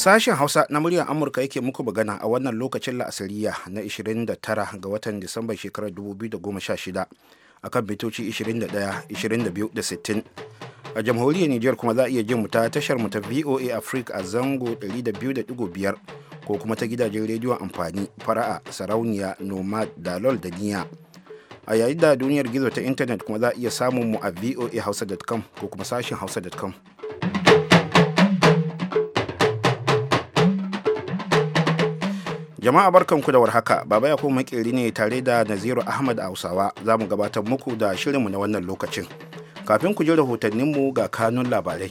Sashen Hausa na muryar Amurka yake muku magana a wannan lokacin la'asariya na 29 ga watan Disamba shekarar 2016 a kan bitoci 21, 22 60. A jamhuriyar Nijar kuma za a iya jin mu ta tashar mu ta VOA Africa a zango 200.5 ko kuma ta gidajen rediyon amfani fara'a sarauniya nomad dalol da niya. a yayin da duniyar gizo ta intanet kuma za a iya samun mu a voahausa.com ko kuma sashen hausa.com jama'a barkanku da warhaka baba ya kuma makeri ne tare da naziru ahmad hausawa za mu gabatar muku da shirinmu na wannan lokacin kafin ku ji rahotanninmu ga kanun labarai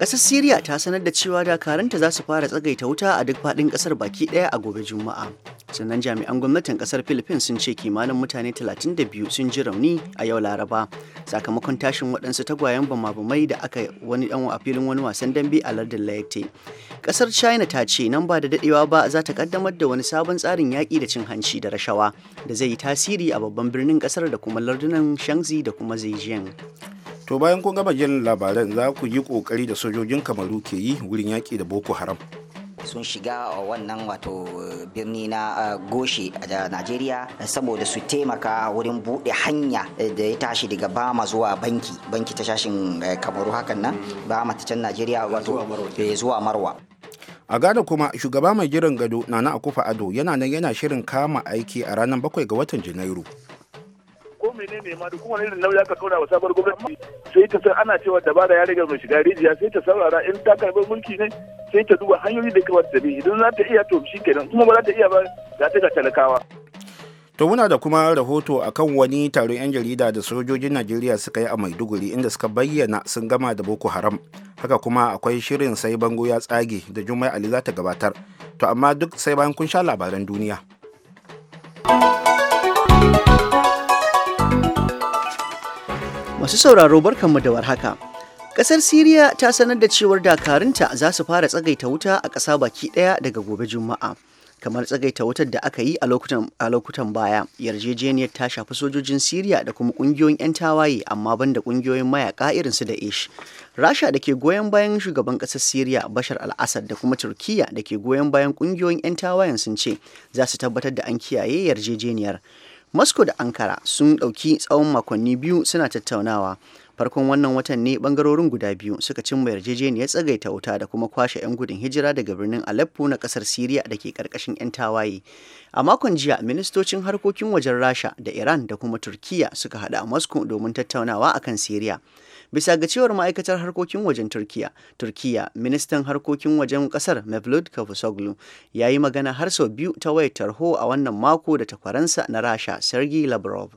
kasar Siriya ta sanar da cewa dakaranta za su fara tsagaita wuta a duk faɗin ƙasar baki ɗaya a gobe Juma'a. Sannan jami'an gwamnatin ƙasar Philippines sun ce kimanin mutane 32 sun ji rauni a yau Laraba sakamakon tashin waɗansu tagwayen bama da aka wani ɗan a filin wani wasan dambe a lardin Leyte. kasar China ta ce nan ba da daɗewa ba za ta kaddamar da wani sabon tsarin yaƙi da cin hanci da rashawa da zai yi tasiri a babban birnin ƙasar da kuma lardunan Shanxi da kuma Zhejiang. to bayan kun gama jin labaran za ku yi kokari da sojojin kamaru ke yi wurin yaƙi da boko haram sun shiga uh, wannan wato uh, birni na uh, goshi a najeriya saboda su taimaka wurin buɗe hanya da ya tashi daga bama zuwa banki banki ta shashin kamaru hakan nan bama ta can najeriya wato eh, zuwa marwa a gada kuma shugaba mai jiran gado nana akufa ado yana nan yana shirin kama aiki a ranar bakwai ga watan janairu menene ma duk wani irin nauyi aka kauna wa sabuwar gwamnati sai ta san ana cewa dabara ya rage mai shiga rijiya sai ta saurara in ta karɓar mulki ne sai ta duba hanyoyi da kamar ta bi idan za ta iya to shi kenan kuma ba za ta iya ba za ta ga talakawa. To muna da kuma rahoto akan wani taron 'yan jarida da sojojin Najeriya suka yi a Maiduguri inda suka bayyana sun gama da Boko Haram. Haka kuma akwai shirin sai bango ya tsage da Jummai Ali za ta gabatar. To amma duk sai bayan kun sha labaran duniya. Masu sauraro barkanmu da warhaka. Kasar Siriya ta sanar da cewar dakarunta za su fara tsagaita wuta a ƙasa baki ɗaya daga gobe Juma'a. Kamar tsagaita wutar da aka yi a lokutan baya, yarjejeniyar ta shafi sojojin Siriya da kuma ƙungiyoyin 'yan tawaye amma ban da ƙungiyoyin mayaka irin su da ish. Rasha da ke goyon bayan shugaban ƙasar Siriya Bashar al-Assad da kuma Turkiyya da ke goyon bayan ƙungiyoyin 'yan tawayen sun ce za su tabbatar da an kiyaye yarjejeniyar. moscow da ankara sun ɗauki tsawon makonni biyu suna tattaunawa farkon wannan watan ne bangarorin guda biyu suka cimma yarjejeniyar tsagaita wuta da kuma kwashe 'yan gudun hijira daga birnin aleppo na kasar syria da ke karkashin 'yan tawaye a makon jiya ministocin harkokin wajen rasha da iran da kuma turkiya suka hada a moscow domin tattaunawa akan syria bisa ga cewar ma'aikatar harkokin wajen turkiya turkiya ministan harkokin wajen kasar mevlut cavusoglu ya yi magana har sau biyu ta wayar tarho a wannan mako da takwaransa na rasha sergi labrov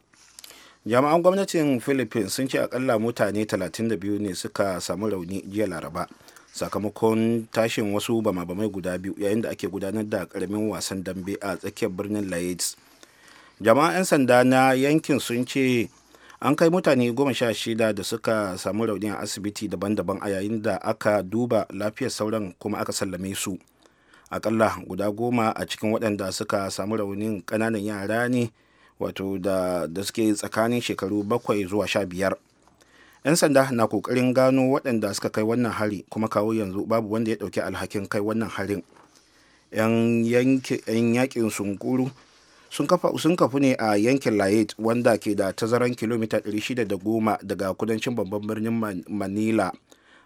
jama'an gwamnatin philippines sun ce akalla mutane 32 ne suka samu rauni jiya laraba sakamakon tashin wasu bama-bamai guda biyu yayin da ake gudanar da karamin wasan dambe a tsakiyar birnin laids jama'an 'yan sanda na yankin sun ce an kai mutane goma sha shida da suka samu rauni a asibiti daban-daban a yayin da aka duba lafiyar sauran kuma aka sallame su akalla guda goma a cikin waɗanda suka samu raunin ƙananan yara ne wato da, da suke tsakanin shekaru bakwai zuwa sha biyar 'yan sanda na kokarin gano waɗanda suka kai wannan hari kuma kawo yanzu babu wanda ya ɗauki alhakin kai wannan harin 'yan yakin sunkuru sun kafu ne a yankin layet wanda ke da tazaran kilomita 610 daga kudancin babban birnin manila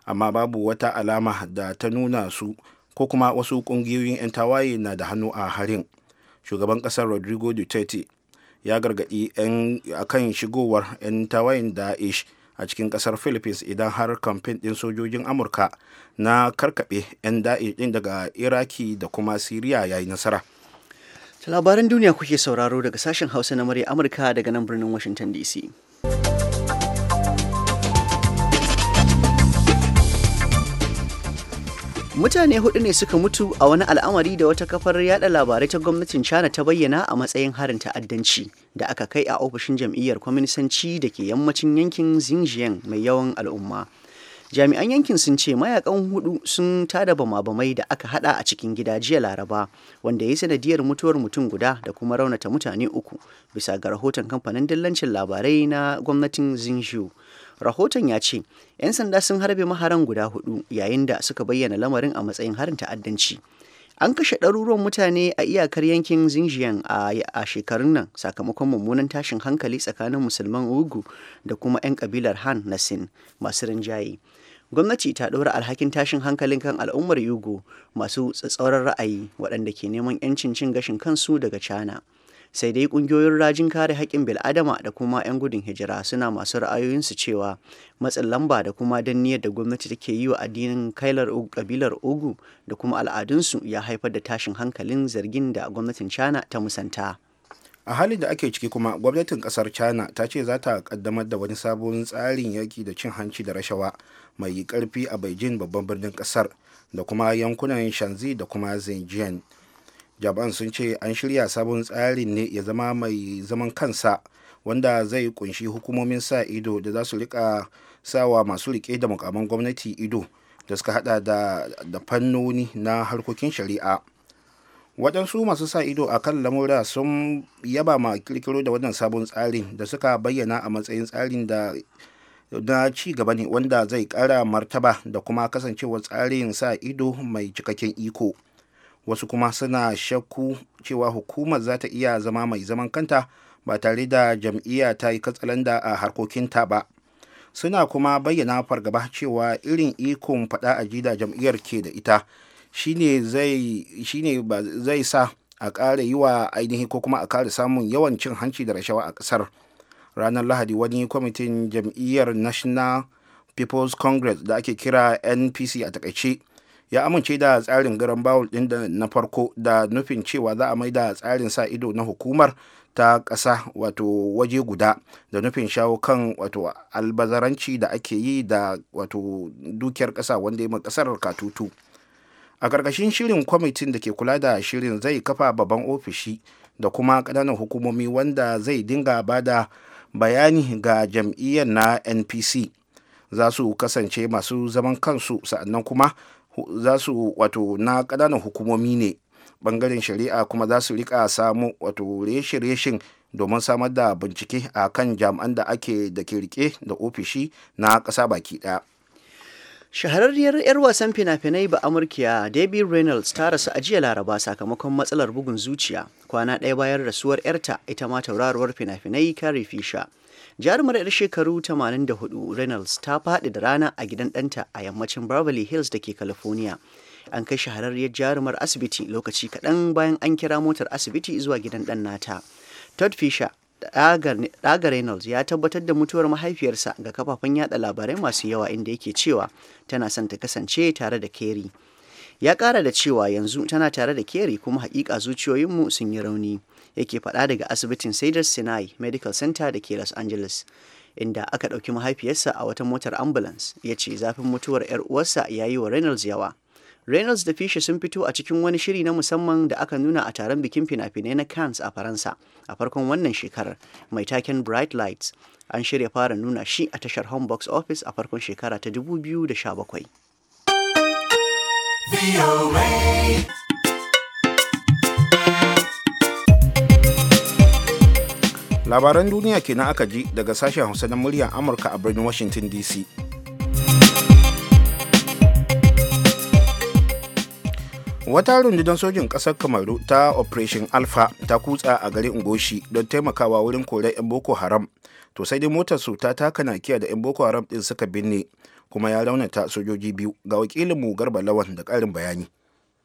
amma babu wata alama da ta nuna su ko kuma wasu kungiyoyin 'yan tawaye na da hannu a harin shugaban kasar rodrigo duterte ya gargaɗi akan shigowar 'yan tawayen daesh a cikin kasar philippines idan har kamfen ɗin sojojin amurka na karkaɓe 'yan da'ish din daga iraki da kuma siriya ya yi nasara Labaran duniya kuke sauraro daga sashen Hausa na murya Amurka daga nan birnin Washington DC. Mutane hudu ne suka mutu a wani al'amari da wata kafar yada labarai ta gwamnatin China ta bayyana a matsayin harin ta'addanci da aka kai a ofishin jam'iyyar kwaminisanci da ke yammacin yankin Xinjiang mai yawan al'umma. jami'an yankin sun ce mayakan hudu sun tada bama-bamai da aka hada a cikin gida jiya laraba wanda ya yi sanadiyar mutuwar mutum guda da kuma raunata mutane uku bisa ga rahoton kamfanin dillancin labarai na gwamnatin zinjiu rahoton ya ce 'yan sanda sun harbe maharan guda hudu yayin da suka bayyana lamarin a matsayin harin ta'addanci an kashe ɗaruruwan mutane a iyakar yankin zinjiyan a shekarun nan sakamakon mummunan tashin hankali tsakanin musulman ugu da kuma 'yan kabilar han na sin masu rinjaye gwamnati ta ɗora alhakin tashin hankalin kan al'ummar yugo masu tsatsauran ra'ayi waɗanda ke neman 'yancin cin gashin kansu daga china sai dai ƙungiyoyin rajin kare haƙƙin bil'adama da kuma 'yan gudun hijira suna masu ra'ayoyinsu cewa matsin lamba da kuma danniyar da gwamnati take yi wa addinin kailar ƙabilar ugu da kuma al'adunsu ya haifar da tashin hankalin zargin da gwamnatin china ta musanta. a halin da ake ciki kuma gwamnatin kasar china ta ce za ta kaddamar da wani sabon tsarin yaki da cin hanci da rashawa mai karfi a beijing babban birnin kasar da kuma yankunan shanzi da kuma zhejiang japan sun ce an shirya sabon tsarin ne ya zama mai zaman kansa wanda zai kunshi hukumomin sa ido da za su rika sawa masu rike da mukaman gwamnati ido da suka hada da fannoni na harkokin shari'a waɗansu masu sa ido a kan lamura sun yaba ma kirkiro da wannan sabon tsarin da suka bayyana a matsayin tsarin da na ci gaba ne wanda zai ƙara martaba da kuma kasancewar tsarin sa ido mai cikakken iko wasu kuma suna shakku cewa hukumar za ta iya zama mai zaman kanta ba tare da jam'iyya ta yi katsalanda a harkokinta ba suna kuma bayyana fargaba cewa irin ikon faɗa a da jam'iyyar ke da ita shi shine zai sa a ƙara yi wa ainihi ko kuma a ƙara samun yawan cin hanci da rashawa a ƙasar ranar lahadi wani kwamitin jam'iyyar national people's congress da ake kira npc a takaice ya amince da tsarin garan bawul ɗin na farko da nufin cewa za a mai da tsarin sa ido na hukumar ta ƙasa wato waje guda da nufin shawo kan wato albazaranci da ake yi da wato dukiyar ƙasa wanda ya ma ƙasar katutu a ƙarƙashin shirin kwamitin da ke kula da shirin zai kafa babban ofishi da kuma ƙananan hukumomi wanda zai dinga ba da bayani ga jam'iyyar na npc za su kasance masu zaman kansu sa'annan kuma za su wato na ƙananan hukumomi ne ɓangaren shari'a kuma za su rika samu wato reshe-reshen domin samar da bincike a kan jami'an da ake da ke rike da ofishi na ƙasa baki ɗaya. Shahararriyar 'yar wasan fina-finai ba Amurkiya Debbie Reynolds ta rasu a jiya Laraba sakamakon matsalar bugun zuciya kwana ɗaya bayan rasuwar 'yarta ita ma tauraruwar fina-finai Carrie fisha Jarumar 'yar shekaru 84 Reynolds ta faɗi da rana a gidan ɗanta a yammacin Beverly Hills da ke California. An kai shahararriyar jarumar asibiti lokaci kaɗan bayan an kira motar asibiti zuwa gidan ɗan nata. Todd Fisher ɗaga Reynolds ya tabbatar da mutuwar mahaifiyarsa ga kafafen yada labarai masu yawa inda yake cewa tana son ta kasance tare da Kerry. Ya ƙara da cewa yanzu tana tare da Kerry kuma haƙiƙa zuciyoyinmu sun yi rauni. Yake faɗa daga asibitin Cedars Sinai Medical Center da ke Los Angeles. Inda aka ɗauki mahaifiyarsa a wata motar ambulance ya ce zafin mutuwar 'yar uwarsa ya yi wa Reynolds yawa. Reynolds da Fisher sun fito a cikin wani shiri na musamman da aka nuna a taron bikin fina-finai na Cannes a Faransa a farkon wannan shekarar mai taken Bright Lights. An shirya fara nuna shi a tashar Home Box Office a farkon shekara ta 2017. Labaran duniya kenan aka ji daga sashen Hausa na muryar Amurka a birnin Washington DC. wata rundunar sojin ƙasar kamaru ta operation alpha ta kutsa a garin ngoshi don taimakawa wurin korar 'yan boko haram to sai dai motar su ta taka nakiya da 'yan boko haram ɗin suka binne kuma ya raunata sojoji biyu ga wakilinmu garba lawan da ƙarin bayani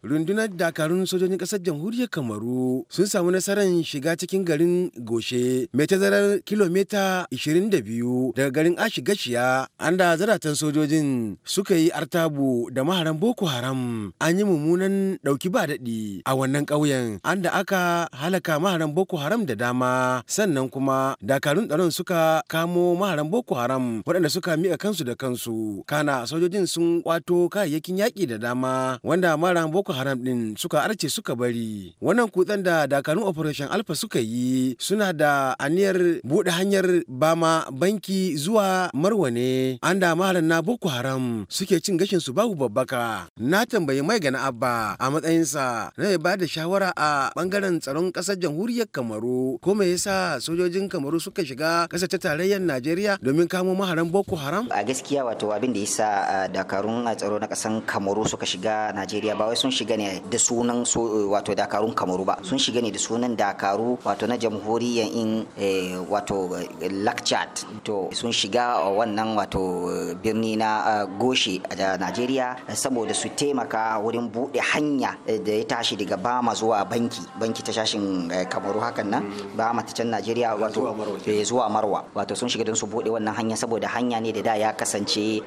rundunar dakarun sojojin ƙasar jamhuriyar kamaru sun samu nasarar shiga cikin garin goshe mai tazarar kilomita 22 daga garin gashiya, an da zaratan sojojin suka yi artabu da maharan boko haram an yi mummunan ɗauki ba daɗi a wannan ƙauyen an da aka halaka maharan boko haram da dama sannan kuma dakarun tsaron suka kamo maharan boko haram waɗanda suka miƙa kansu da kansu kana sojojin sun kwato kayayyakin yaƙi da dama wanda maharan boko boko haram din suka arce suka bari wannan kutsen da dakarun operation alpha suka yi suna da aniyar buɗe hanyar bama banki zuwa marwa ne an da maharan na boko haram suke cin gashin su babu babbaka na tambayi mai gana abba a matsayinsa na ya bada shawara a bangaren tsaron ƙasar jamhuriyar kamaru ko me yasa sojojin kamaru suka shiga ƙasar ta tarayyar najeriya domin kamo maharan boko haram a gaskiya wato abin da yasa ah, dakarun ah, tsaro na ƙasar kamaru suka shiga najeriya ba wai sun shiga ne da sunan eh, wato dakarun kamaru ba sun shiga ne da sunan dakaru wato na jamhuriyar in eh, wato eh, lakchat to sun shiga wannan wato birni na goshi da najeriya saboda su taimaka wurin buɗe hanya da ya tashi daga bama zuwa banki banki ta shashin kamaru hakan nan bama ta can najeriya wato zuwa marwa wato sun shiga don su buɗe wannan hanya saboda hanya ne da da ya kasance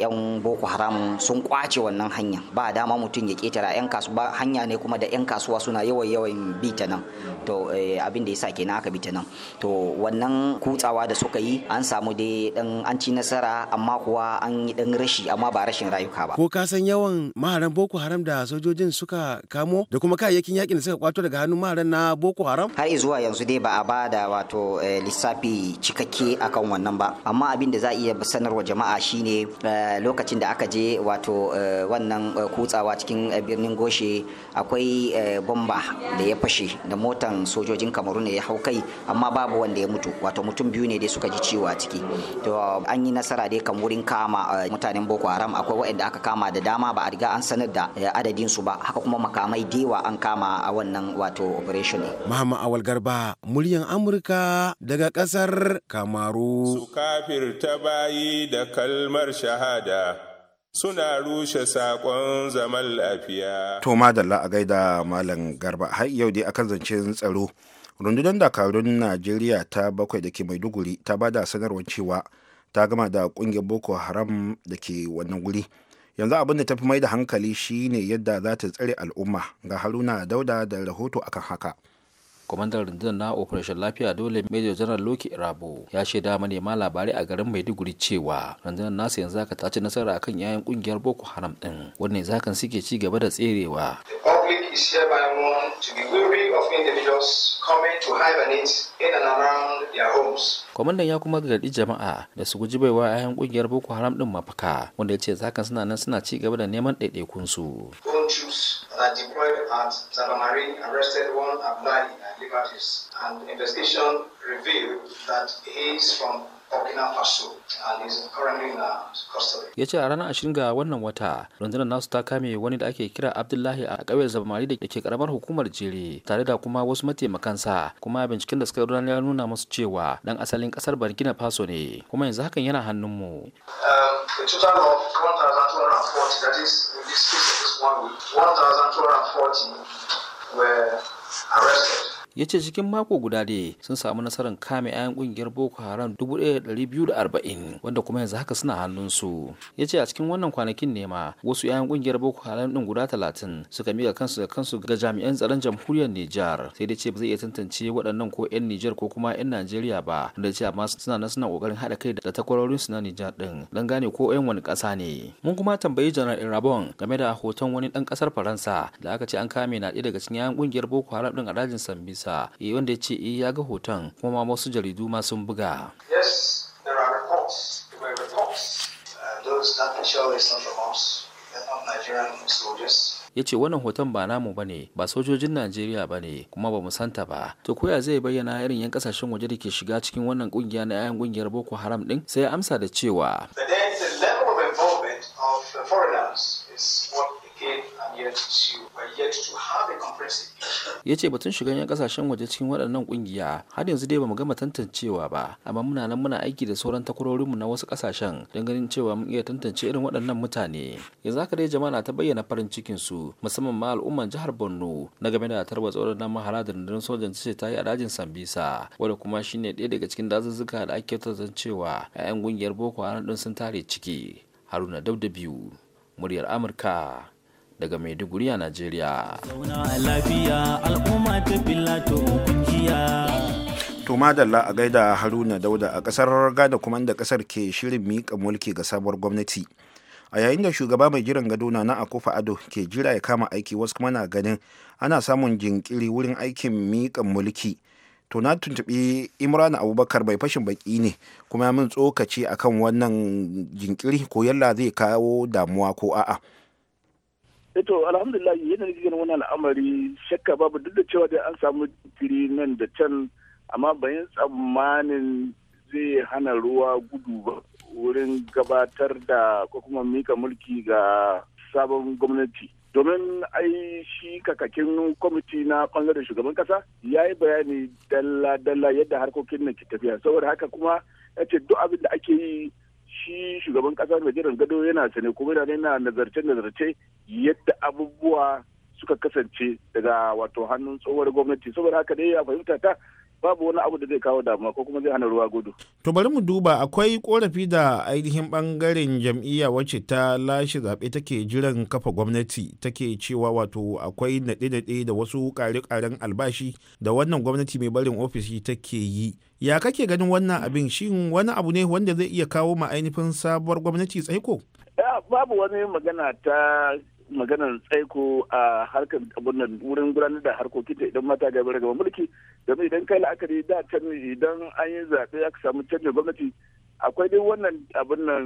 yan boko haram sun kwace wannan hanya ba dama mutum ya keta kira 'yan kasuwa hanya ne kuma da 'yan kasuwa suna yawan yawan bi ta nan to eh, abin da yasa kenan aka bi ta nan to wannan kutsawa da suka yi an samu dai dan an ci nasara amma kuwa an yi dan rashi amma ba rashin rayuka ba ko ka san yawan maharan boko haram da sojojin suka kamo da kuma kayayyakin yakin da suka kwato daga hannun maharan na boko haram har zuwa yanzu dai ba a ba da wato eh, lissafi cikakke akan wannan ba amma abin da za a iya sanarwa jama'a shine eh, lokacin da aka je wato wannan kutsawa cikin birnin goshe akwai eh, bomba da ya fashe da motan sojojin kamaru ne ya hau kai amma babu wanda ya mutu wato mutum biyu ne dai suka ji ciwo a ciki to an yi nasara dai kan wurin kama eh, mutanen boko haram akwai waɗanda aka kama da dama ba a riga an sanar da eh, adadin su ba haka kuma makamai dewa an kama a wannan wato operation Muhammad Awal Garba muryan Amurka daga kasar Kamaru su ta bayi da kalmar shahada suna rushe sakon zaman lafiya. To madalla a gaida Malam Garba har yau dai akan zance tsaro. Rundunar dakarun Najeriya ta bakwai da ke Maiduguri ta ba da sanarwar cewa ta gama da kungiyar Boko Haram da ke wannan guri. Yanzu abin da ta fi mai da hankali shine yadda za ta tsare al'umma ga Haruna Dauda da rahoto akan haka. kwamandan rundunar na operation lafiya dole major general loki rabo ya shaida ma labarai a garin maiduguri cewa rundunar nasa yanzu aka ta nasara akan yayan kungiyar boko haram din wannan zakan suke ci gaba da tserewa Kwamandan ya kuma gargaɗi jama'a da su guji baiwa 'ya'yan ƙungiyar Boko Haram ɗin mafaka wanda ya ce zakan suna nan suna ci gaba da neman ɗaiɗaikunsu. Phone deployed at arrested one Abdullahi liberties. And investigation revealed that he is from Burkina Faso and is currently in custody. Ya ce a ranar ashirin ga wannan wata rundunar nasu ta kame wani da ake kira Abdullahi a ƙauyen Zamari da ke karamar hukumar Jere tare da kuma wasu mataimakansa kuma binciken da suka yi ya nuna masu cewa dan asalin ƙasar Burkina Faso ne kuma yanzu hakan yana hannun mu. Um, a total of 1,240 that is in this case of this one week 1,240 were arrested. ya ce cikin mako guda dai sun samu nasarar kame 'ya'yan kungiyar boko haram 1240 wanda kuma yanzu haka suna hannunsu ya ce a cikin wannan kwanakin ne ma wasu 'ya'yan kungiyar boko haram din guda 30 suka miƙa kansu da kansu ga jami'an tsaron jamhuriyar nijar sai dai ce ba zai iya tantance waɗannan ko 'yan nijar ko kuma 'yan najeriya ba da ce amma suna nan suna ƙoƙarin haɗa kai da takwarorin su na nijar din don gane ko 'yan wani ƙasa ne mun kuma tambayi janar irabon game da hoton wani ɗan ƙasar faransa da aka ce an kame na ɗaya daga cikin 'ya'yan kungiyar boko haram din a dajin sambisa sa eh, wanda ya ce eh, ya ga hoton kuma ma wasu jaridu ma sun buga uh, ya ce wannan hoton ba namu ba ne ba sojojin najeriya ba ne kuma ba mu santa ba to koya zai bayyana irin yan kasashen waje da ke shiga cikin wannan kungiya na 'ya'yan kungiyar boko haram din sai ya amsa da cewa ya ce batun shiga 'yan kasashen waje cikin waɗannan ƙungiya har yanzu dai bamu gama tantancewa ba amma muna nan muna aiki da sauran takwarorinmu na wasu kasashen don ganin cewa mun iya tantance irin waɗannan mutane yanzu ka dai jama'a ta bayyana farin cikin su musamman ma al'umman jihar borno na game da tarba tsoron nan mahara da rundunar sojan ce ta yi a dajin sambisa wanda kuma shine ɗaya daga cikin dazuzzuka da ake tantan cewa 'ya'yan ƙungiyar boko haram ɗin sun tare ciki haruna da biyu muryar amurka daga Maiduguri a Najeriya. To madalla a gaida Haruna Dauda a kasar da kuma da kasar ke shirin miƙa mulki ga sabuwar gwamnati. A yayin da shugaba mai jiran gado na Akufa Ado ke jira ya kama aiki wasu kuma na ganin ana samun jinkiri wurin aikin miƙa mulki. to na tuntuɓi imrana abubakar bai fashin baki ne kuma ya min tsokaci akan wannan jinkiri ko yalla zai kawo damuwa ko a'a. Eh, to alhamdulillah yadda nake wani al'amari shakka babu duk da cewa da an samu jikiri nan da can amma bayan tsammanin zai hana ruwa gudu ba wurin gabatar da ko kuma mika mulki ga sabon gwamnati domin ai shi kakakin kwamiti na bangaren shugaban kasa ya yi bayani dalla-dalla yadda harkokin nan ke tafiya saboda haka kuma ya ce duk abin da ake yi shi shugaban kasa mai jiran gado yana sane kuma yana nazarce-nazarce yadda abubuwa suka kasance daga wato hannun tsohuwar gwamnati saboda haka dai ya fahimta ta babu wani abu da zai kawo damuwa ko kuma zai hana ruwa gudu. To bari mu duba akwai korafi da ainihin bangaren jam'iyya wacce ta lashe zaɓe take jiran kafa gwamnati take cewa wato akwai naɗe-naɗe da wasu ƙare-ƙaren albashi da wannan gwamnati mai barin ofishi take yi. Ya kake ganin wannan abin shin wani abu ne wanda zai iya kawo ma ainihin sabuwar gwamnati tsaiko? Eh, babu wani magana ta maganar tsaiko a harkar abin wurin gudanar da harkoki ta idan mata gaba daga mulki domin idan kai la'akari da can idan an yi zaɓe aka samu canjin gwamnati akwai dai wannan abin nan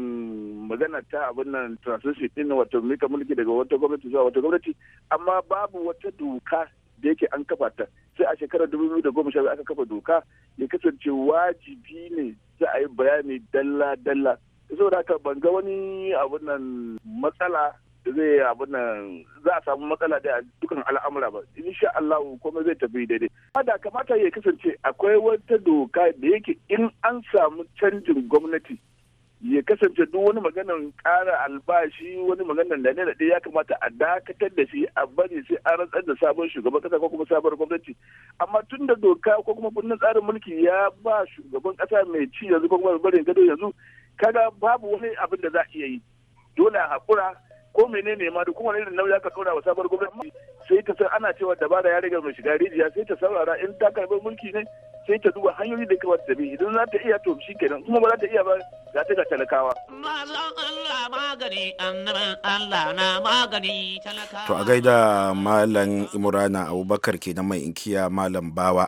magana ta abin nan transition din wato mika mulki daga wata gwamnati zuwa wata gwamnati amma babu wata doka da yake an kafa ta sai a shekarar dubu biyu da sha aka kafa doka ya kasance wajibi ne za a yi bayani dalla dalla saboda haka ban ga wani abin nan matsala zai abin nan za a samu matsala da dukkan al'amura ba insha Allah kuma zai tafi daidai da kamata ya kasance akwai wata doka da yake in an samu canjin gwamnati ya kasance duk wani maganan ƙara albashi wani maganan da ne da ya kamata a dakatar da shi a bari sai an rantsar da sabon shugaban kasa ko kuma sabon gwamnati amma tun da doka ko kuma kundin tsarin mulki ya ba shugaban kasa mai ci yanzu ko kuma barin gado yanzu kada babu wani abin da za a iya yi dole a haƙura ko menene ma duk wani irin nauyi aka tura wa sabuwar gwamnati sai ta san ana cewa dabara ya riga mai shiga rijiya sai ta saurara in ta karɓi mulki ne sai ta duba hanyoyi da kawai ta bi idan za ta iya to shi kenan kuma ba za ta iya ba za ta ga talakawa. To a gaida Malam Imrana Abubakar kenan mai inkiya Malam Bawa.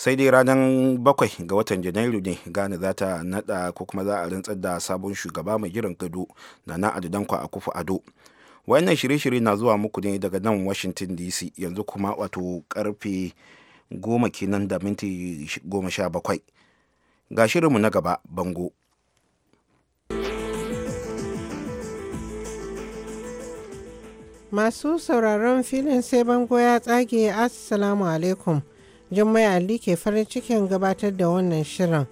sai dai ranar bakwai ga watan janairu ne gane za ta nada ko kuma za a rantsar da sabon shugaba mai jiran gado da na adidankwa a kufu ado wannan shirye-shirye na zuwa muku ne daga nan washington dc yanzu kuma wato karfe goma kenan da minti goma sha bakwai ga shirinmu na gaba bango masu sauraron filin sai bango ya tsage assalamu alaikum Jummai Ali ke farin cikin gabatar da wannan shirin.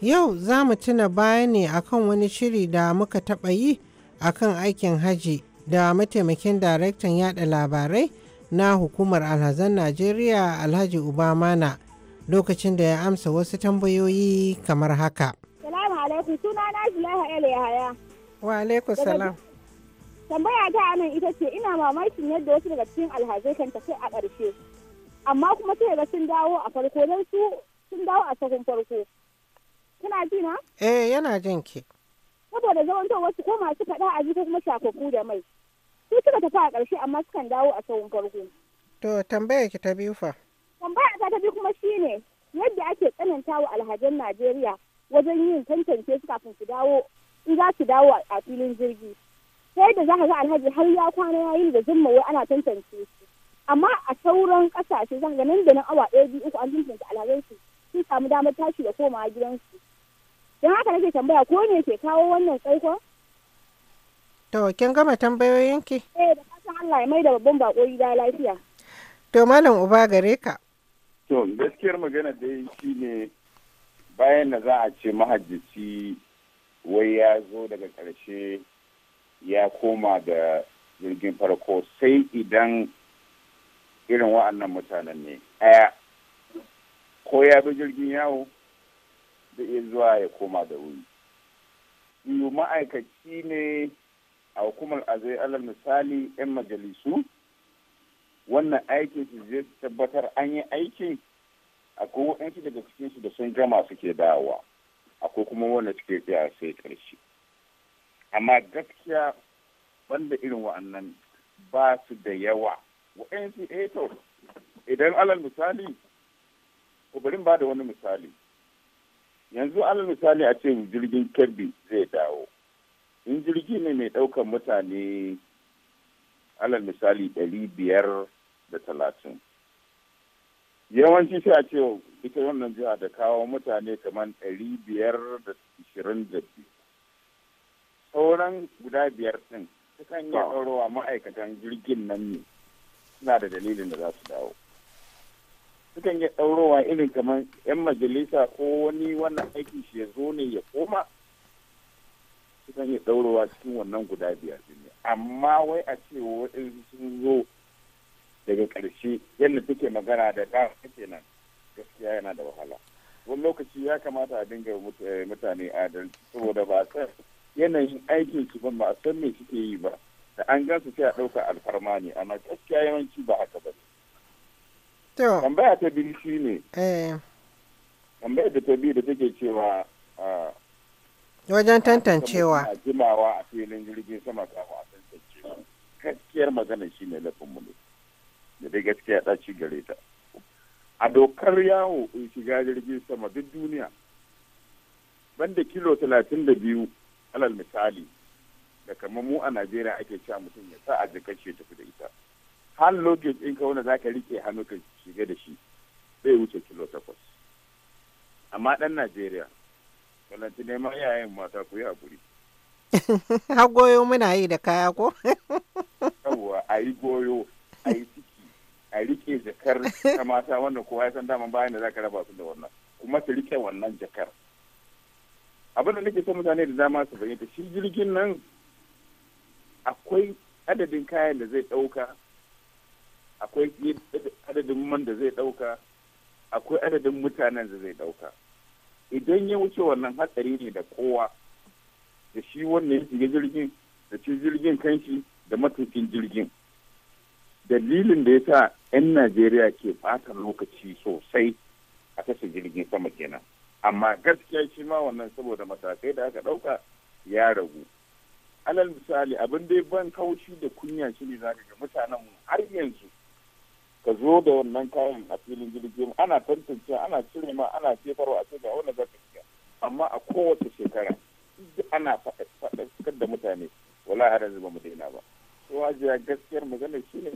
Yau za mu tuna baya ne akan wani shiri da muka taɓa yi akan aikin haji da mataimakin daraktan yada labarai na hukumar alhazan Najeriya Alhaji Ubamana lokacin da ya amsa wasu tambayoyi kamar haka. salam. Tambaya ta anan ita ce ina mamakin yadda wasu daga cikin alhazai kan tafi a ƙarshe. amma kuma sai ga sun dawo a farko don su sun dawo a sakon farko kina ji na eh yana jin ki saboda zaman to wasu ko masu faɗa a ji kuma shafafu da mai su suka tafi a ƙarshe amma sukan dawo a sakon farko to tambaya ki ta biyu fa tambaya ta ta biyu kuma shine yadda ake wa alhajin Najeriya wajen yin tantance su kafin su dawo in za su dawo a filin jirgi sai da za ka ga alhaji har ya kwana yayin da zumma wai ana tantance su amma a sauran kasashe zan ganin nan da nan awa ɗaya biyu uku an tuntunta alhazan su sun samu damar tashi da komawa gidansu don haka nake tambaya ko ne ke kawo wannan tsaikon to kin gama tambayoyin ki eh da fatan Allah ya mai da babban bako gida lafiya to malam uba gare ka to gaskiyar magana dai shine bayan da za a ce mahajjaci wai ya zo daga ƙarshe ya koma da jirgin farko sai idan irin wa'annan mutanen ne ɗaya ko ya bi jirgin yawo da iya zuwa ya koma da wuri biyu ma'aikaci ne a hukumar azai alal misali 'yan majalisu wannan aikin su zai tabbatar an yi aikin akwai waɗansu daga cikin su da sun gama suke dawowa akwai kuma wanda suke tsaya sai ƙarshe amma gaskiya banda irin wa'annan ba su da yawa wa'yansu eto eh idan alal misali ko bari ba da wani misali yanzu alal misali a ce jirgin kirby zai dawo in jirgi ne mai ɗaukan mutane alal misali ɗari biyar da talatin yawanci sai a ce ita wannan jiha da kawo mutane kamar ɗari biyar da ishirin da sauran guda biyar ɗin sukan yi ɗaurowa ma'aikatan jirgin nan ne suna da dalilin da za su dawo sukan yi ɗaurowa irin kamar 'yan majalisa ko wani wannan aikin shi ya zo ne ya koma sukan yi ɗaurowa cikin wannan guda biyar ne amma wai a ce waɗansu sun zo daga ƙarshe yadda take magana da ɗan kenan gaskiya yana da wahala wani lokaci ya kamata a dinga eh, mutane adalci saboda ba san yanayin aikin su ba ba san me suke yi ba da an gansu sai a ɗauka alfarma ne amma gaskiya yawanci ba haka ba tambaya ta biyu shi ne eh. tambaya da ta biyu da take cewa ah, wajen tantancewa jimawa a filin jirgin sama ta a tantancewa gaskiyar magana shi ne mu ne da dai gaskiya ta ci gare ta a dokar yawo in shiga jirgin sama duk duniya banda kilo talatin da biyu alal misali da kamar mu a najeriya ake cewa mutum ya sa a jikin shi ya tafi da ita har lokacin in ka wanda za ka rike hannu ka shiga da shi zai wuce kilo takwas amma ɗan najeriya walanti neman yayan mata ku yi haƙuri Ha goyo muna yi da kaya ko yawwa a yi goyo a yi ciki a rike jakar ta mata wanda kowa ya san daman bayan da za ka raba su da wannan kuma su rike wannan jakar abin da nake son mutane da dama su fahimta shi jirgin nan akwai adadin kayan da zai ɗauka akwai adadin man da zai ɗauka akwai adadin mutanen da zai ɗauka idan ya wuce wannan hatsari ne da kowa da shi wannan ya shiga jirgin da shi jirgin kanshi da matukin jirgin dalilin da ya sa 'yan najeriya ke fatan lokaci sosai a tasa jirgin sama kenan amma gaskiya shi ma wannan saboda matakai da aka ɗauka ya ragu alal misali abin dai ban kaushi da kunya shi ne za ga mutanen mu har yanzu ka zo da wannan kayan a filin jirgin ana tantance ana cire ma ana sefarwa a cikin wani za ka amma a kowace shekara ana faɗaɗar da mutane wala har yanzu ba mu daina ba to ajiya gaskiyar magana shine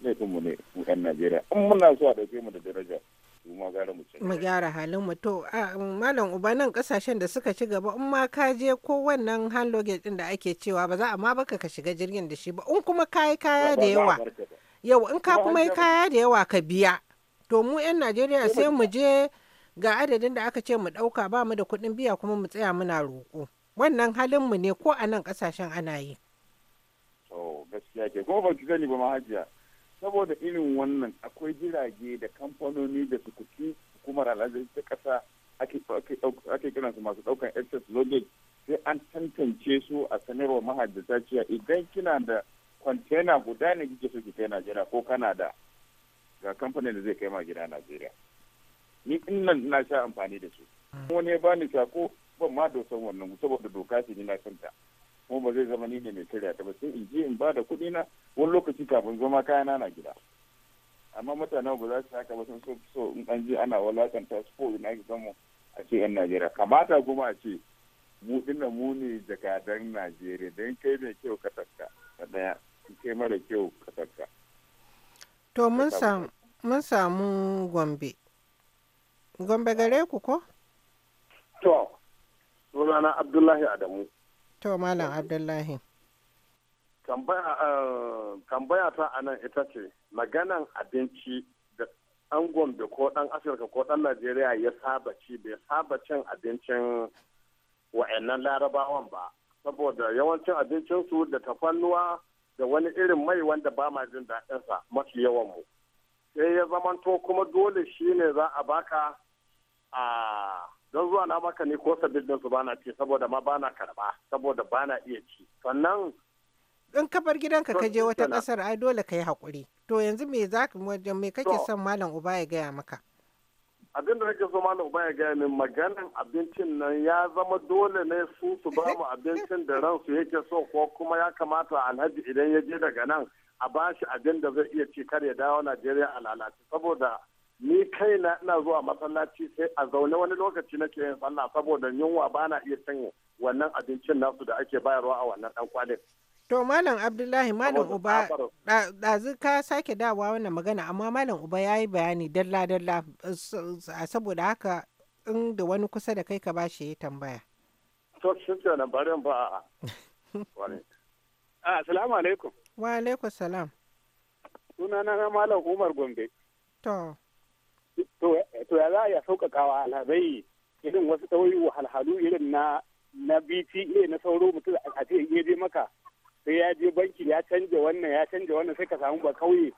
laifinmu ne mu 'yan najeriya in muna so a ɗauke mu da daraja mu gyara halin mu to malam uba nan kasashen da suka ci gaba in ma ka je ko wannan hand luggage din da ake cewa ba za a ma baka ka shiga jirgin da shi ba in kuma ka yi kaya da yawa yau in ka kuma yi kaya da yawa ka biya to mu yan Najeriya sai mu je ga adadin da aka ce mu ɗauka ba mu da kuɗin biya kuma mu tsaya muna roƙo wannan halin mu ne ko a nan kasashen ana yi. gaskiya ke ko ba ki sani ba mahajiya saboda irin wannan akwai jirage da kamfanoni da sukuki hukumar alhazari ta ƙasa ake kiran su masu ɗaukan excess luggage sai an tantance su a sanarwar mahajjata cewa idan kina da kwantena guda ne kike so ki kai Najeriya ko Canada ga kamfanin da zai kai ma gida Najeriya. Ni nan na sha amfani da su. Hmm. Wani ya bani sako ban ma dosan wannan saboda doka ce ni na santa. kuma ba zai zama ni ne mai karya ta ba sai in je in ba da kuɗi na wani lokaci kafin zama kayana na gida amma mutane ba za su haka ba sun so so in an je ana walakanta su ko ina ki a ce yan najeriya kamata kuma a ce mu dinna mu ne jakadan najeriya dan kai mai kyau ka tarka da daya kai mara kyau ka to mun samu gombe gombe gare ku ko to sunana abdullahi adamu To Malam Abdullahi. Tambaya eh, ta a nan ita ce, maganan abinci da ɗan Gombe ko ɗan Afirka ko dan Najeriya ya saba ci bai saba cin abincin wa'annan larabawan ba. Saboda yawancin abincin su da tafannuwa da wani irin mai wanda ba ma jin daɗinsa mafi yawan mu Sai ya zamanto kuma dole shine za a baka a don zuwa na maka ne ko sabbin su bana ci saboda ma bana karba saboda bana iya ci sannan in ka bar gidanka ka je wata kasar ai dole ka yi hakuri to yanzu me za ka me kake son malam uba ya gaya maka abin da nake so malam uba ya gaya min maganan abincin nan ya zama dole ne su su ba mu abincin da ransu yake so ko kuma ya kamata alhaji idan ya je daga nan a bashi abin da zai iya ci kar ya dawo Najeriya a lalace saboda ni kaina ina zuwa masallaci sai a zaune wani lokaci nake yin sallah saboda yunwa ba na iya cin wannan abincin nasu da ake bayarwa a wannan dan kwalin. To Malam Abdullahi Malam Uba ɗazu ka sake dawa wannan magana amma Malam Uba ya yi bayani dalla dalla saboda haka in da wani kusa da kai ka ba shi ya tambaya. To shi ce nan bari ba a. Ah, assalamu alaikum. Wa alaikum salam. Sunana na Malam Umar Gombe. To. to ya za a ya sauƙaƙawa alhazai irin wasu ɗauyi wahalhalu irin na na bta na sauro mutum a ce ya je maka sai ya je banki ya canja wannan ya canja wannan sai ka samu ba kauye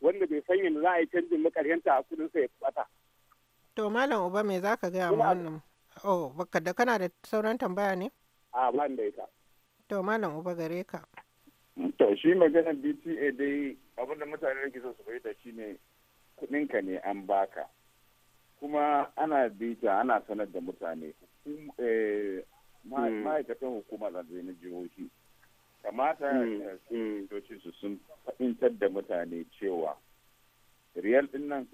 wanda bai san yadda za a yi canjin na a kudin sa ya bata. to malam uba me za ka gaya ma wannan oh baka da kana da sauran tambaya ne. a ban da ita. to malam uba gare ka. to shi magana bta dai abinda mutane da ke so su fahimta shine kuɗinka ne an baka. kuma ana bita ana sanar da mutane eh, hmm. ma'aikatan hukumar zanzai na jihohi kamata doci hmm. eh, hmm. su sun fahimtar da mutane cewa riyal din nan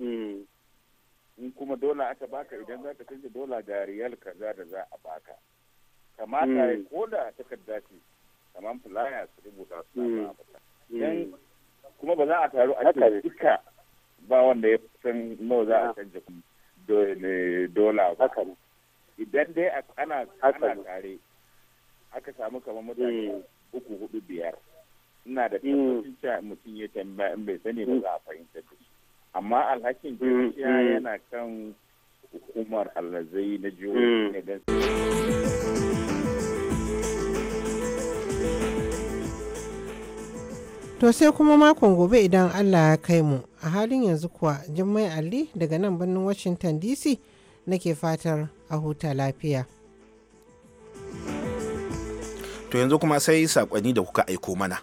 in kuma dola aka baka idan za ka canza dola ga riyal kaza da za a baka kamata ya koda takarda ce kamar fulaya su rubuta su dan kuma ba za a taru a duka ba wanda ya san nawa za a canza kuma dola ba idan dai ana tare aka samu kamar mutane hmm. uku hudu biyar ina da hmm. tabbacin cewa mutum ya tambaya in bai sani ba hmm. za a fahimta da shi amma alhakin gaskiya yana kan hukumar alhazai na jihohi ne don To sai kuma makon gobe idan Allah ya kai mu a halin yanzu kuwa Jummai Ali daga nan birnin Washington DC nake fatar a huta lafiya. To yanzu kuma sai saƙonni da kuka aiko mana.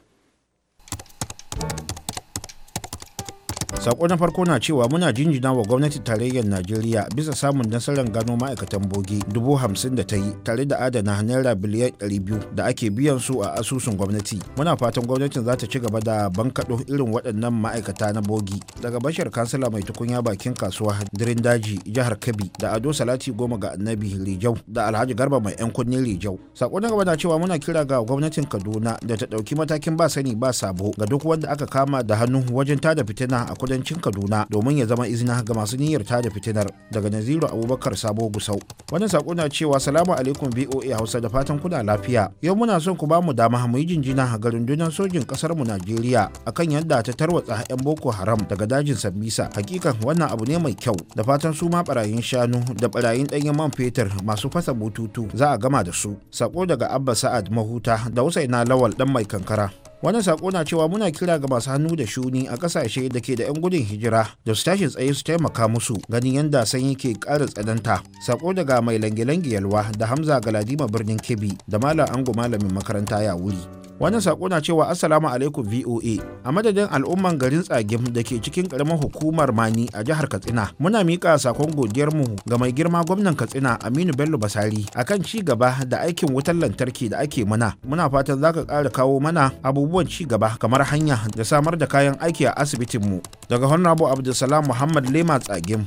sako na farko na cewa muna jinjina wa gwamnati tarayyar najeriya bisa samun nasarar gano ma'aikatan bogi dubu hamsin da ta yi tare da adana naira biliyan ɗari biyu da ake biyan su a asusun gwamnati muna fatan gwamnatin za ta ci gaba da bankaɗo irin waɗannan ma'aikata na bogi daga bashar kansila mai tukunya bakin kasuwa dirin daji jihar kebbi da ado salati goma ga annabi rijau da alhaji garba mai yan kunni rijau sako na gaba na cewa muna kira ga gwamnatin kaduna da ta ɗauki matakin ba sani ba sabo ga duk wanda aka kama da hannu wajen tada fitina a kudancin kudancin kaduna domin ya zama izina ga masu niyyar tada fitinar daga naziru abubakar sabo gusau wannan sako na cewa salamu alaikum voa hausa da fatan kuna lafiya yau muna son ku bamu dama mu yi jinjina ga rundunar sojin kasar mu najeriya akan yadda ta tarwatsa yan boko haram daga dajin sambisa hakikan wannan abu ne mai kyau da fatan su ma barayin shanu da barayin ɗanyen man fetur masu fasa bututu za a gama da su sako daga abba sa'ad mahuta da usaina lawal dan mai kankara wannan sako na cewa muna kira ga masu hannu da shuni a kasashe da ke da 'yan gudun hijira da su tashi tsaye su taimaka musu ganin yadda sanyi ke ƙara tsananta sako daga mai lange-lange yalwa da hamza ga Ladima birnin kebbi da malam ango malamin makaranta ya wuri wannan sako na cewa assalamu alaikum voa a madadin al'umman garin tsagim da ke cikin karamar hukumar mani a jihar katsina muna miƙa sakon godiyar mu ga mai girma gwamnan katsina aminu bello basari akan ci gaba da aikin wutar lantarki da ake mana muna fatan za ka ƙara kawo mana abubuwa abubuwan ci gaba kamar hanya da samar da kayan aiki a asibitinmu daga honorable abdulsalam muhammad lema tsagim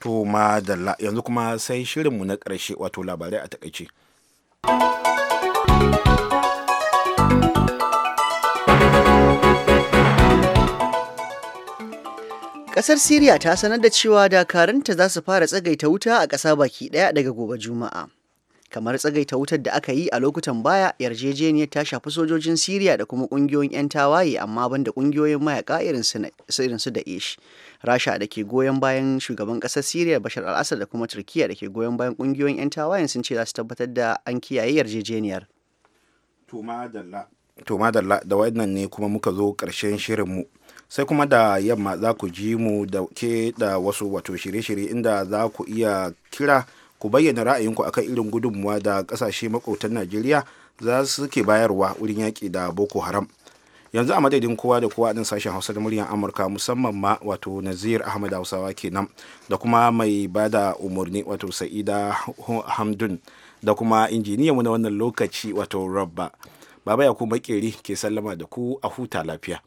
to madalla yanzu kuma sai shirin mu na ƙarshe wato labarai a takaice Ƙasar Siriya ta sanar da cewa dakaranta za su fara tsagaita wuta a ƙasa baki ɗaya daga gobe Juma'a. kamar tsagaita wutar da aka yi a lokutan baya yarjejeniyar ta shafi sojojin siriya da kuma kungiyoyin 'yan tawaye amma banda da kungiyoyin mayaka irin su da ish rasha da ke goyon bayan shugaban kasar siriya bashar al-assad da kuma turkiya da ke goyon bayan kungiyoyin 'yan tawayen sun ce za su tabbatar da an kiyaye yarjejeniyar to madalla da wannan ne kuma muka zo karshen mu sai kuma da yamma za ku ji mu da ke da wasu wato shirye-shirye inda za ku iya kira ku bayyana ra'ayinku akan irin gudunmuwa da kasashe makwautan najeriya za su ke bayarwa wurin yaƙi da boko haram yanzu a madadin kowa da kowa ɗin sashen hausa da muryar amurka musamman ma wato nazir ahmad hausawa kenan da kuma mai ba da umarni wato sa'ida hamdun da kuma injiniyanmu na wannan lokaci wato rabba baba ya ku makeri ke sallama da ku a huta lafiya